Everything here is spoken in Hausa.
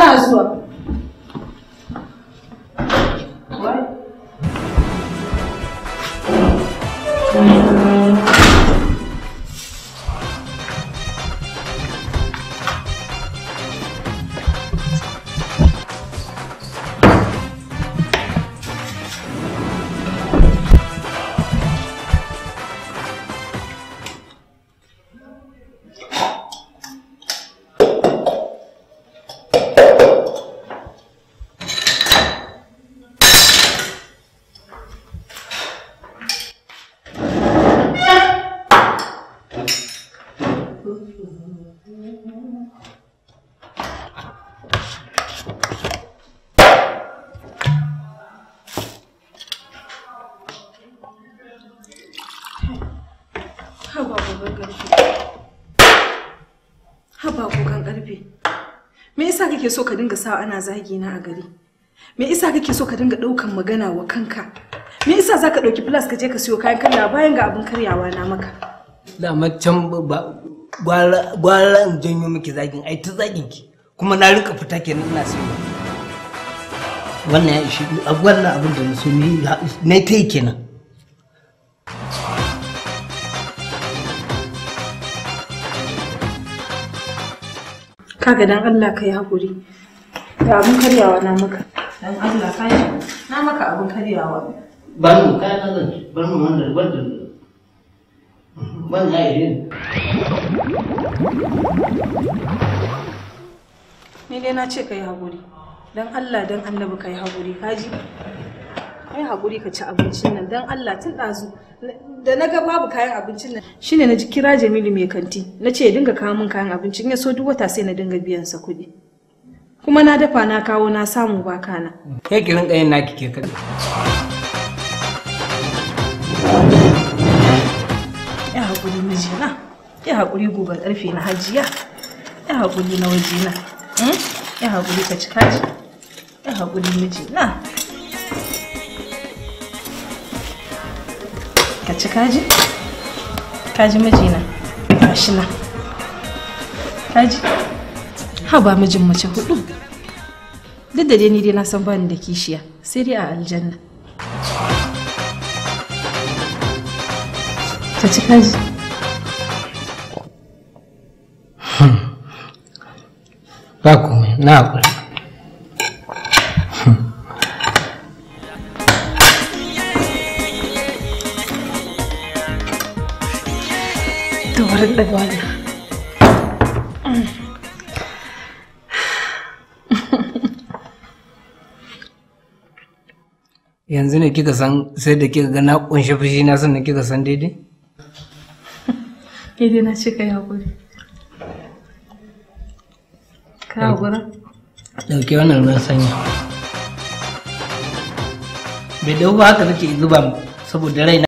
ela sua, What? Haba kukan karfe. Me isa kake so ka dinga sawa ana zagi na a gari? Me isa kake so ka dinga ɗaukan magana wa kanka? Me isa za ka ɗauki plus ka je ka siyo kayan kallawa bayan ga abin karyawa na maka? Dama can ba gwala in janyo miki zagin ai ta zagin ki kuma na rika fita kenan ina so wannan ya ishi wannan abin da na so na ta yi kenan kaga dan Allah ka yi haƙuri ga abin karyawa na maka dan Allah ka yi na maka abin karyawa ban mu na nan ban mu wanda wanda ban ya yi Ni dai na ce ka yi haƙuri. Don Allah don annabi ka yi haƙuri, kaji? Ka yi haƙuri ka ci abincin nan don Allah tun ɗazu. Da na ga babu kayan abincin nan. Shi ne na ji kira Jamilu mai kanti. Na ce ya dinga kawo min kayan abincin ya so duk wata sai na dinga biyan sa kuɗi. Kuma na dafa na kawo na samu ba kana. Kai ki rinƙa yin naki ke kaɗai. Ya haƙuri mijina. ya haƙuri gobe ƙarfe na hajiya ya haƙuri na waje na hmm? ya haƙuri ka cika ji ya haƙuri miji na ka ci kaji kaji mijina gashi na kaji ha ba mijin mace hudu duk da dai ni dai na san bani da kishiya sai dai a aljanna ka ci kaji Hmm. ba komai na haƙuri hmm. da hmm. yanzu ne kika san sai da kika ga na kunshi fushi na sannan kika san daidai? Daidai na cika yaƙuri. Ka gura? Dauke wannan ruwan sanyi. Bai dau ba haka nake zuba saboda raina.